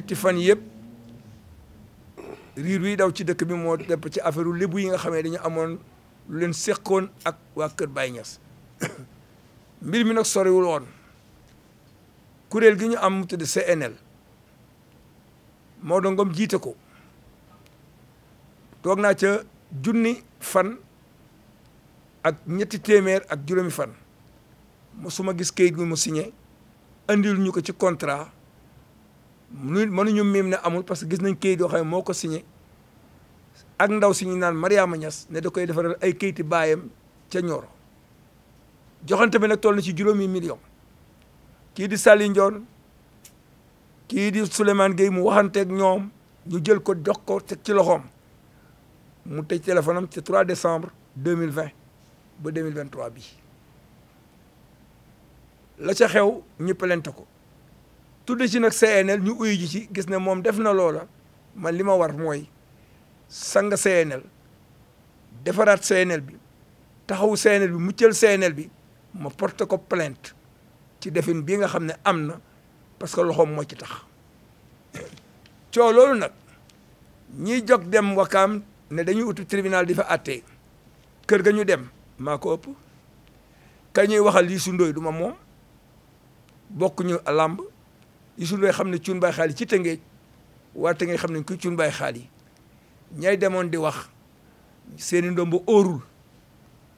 ñetti fan yëpp riir wi daw ci dëkk bi moo depp ci affaire lébu yi nga xam ne dañu amoon lu leen seqoon ak waa Kër Baye mbir mi nag soriwul woon kuréel gi ñu am mu tudd CNL Maodo Ngom jiite ko toog naa ca junni fan ak ñetti téeméer ak juróomi fan mosuma gis kayit gu mu signé andil ñu ko ci contrat mënu mënuñu miim ne amul parce que gis nañ kayit yoo xam ne moo ko signé ak ndaw si ñu naan Mariama Niass ne da koy defaral ay kayiti baayam ca Nioro joxante bi nag toll na ci juróomi million kii di Sali Ndione kii di Souleymane Gueye mu waxanteeg ñoom ñu jël ko jox ko ci loxoom mu tëj ci am ci 3 décembre 2020 ba 2023 bi la ca xew ñu plainte ko tudd ci nag CNL ñu uyu ji ci gis ne moom def na loola man li ma war mooy sang CNL defaraat CNL bi taxawu CNL bi mu muccal CNL bi ma porte ko plainte ci defin bii nga xam ne am na parce que loxoom moo ci tax coo loolu nag ñiy jog dem wakaam ne dañuy utu tribunal di fa àttee kër ga ñu dem maa ko ëpp ka ñuy waxal Youssou Ndoye du ma moom bokk ñu làmb Youssou Ndoye xam ne cuun baay xaal yi ci tëngeej waa tëngeej xam nañ ko cuun baay xaal yi ñay demoon di wax seeni i ndomb óorul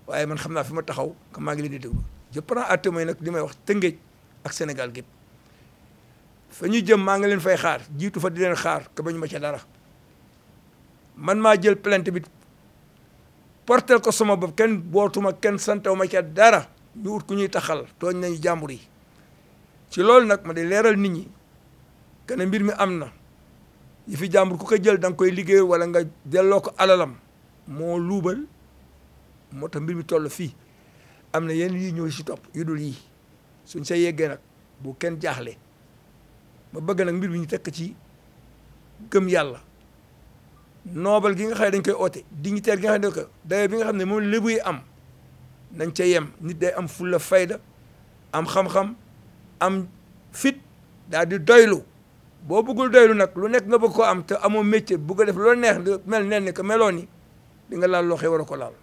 waaye man xam naa fi ma taxaw que maa ngi leen di déglu je prends à nag li may wax tëngeej ak Sénégal gépp fa ñu jëm maa ngi leen fay xaar jiitu fa di leen xaar que ba ñu ma ca dara man maa jël plainte bi portel ko sama bopp kenn bootuma kenn santaw ma ca dara ñu ut ku ñuy taxal tooñ nañu jàmbur yi ci loolu nag ma di leeral nit ñi que mbir mi am na yi fi jàmbur ku ko jël danga koy liggéey wala nga delloo ko alalam moo luubal moo tax mbir mi toll fii am na yenn yi ñëw si topp yu dul yii suñ sa yeggee nag bu kenn jaaxle ma bëgg nag mbir mi ñu tekk ci gëm yàlla noobal gi nga xam ne dañ koy oote dignitaire gi nga xam bi nga xam ne moom lébu yi am nañ ca yem nit day am fulla fayda am xam-xam am fit daal di doylu boo bëggul doylu nag lu nekk nga bëgg koo am te amoo métier bëgg a def loo neex mel nen ni que meloon ni di nga laal loo xëy war ko laal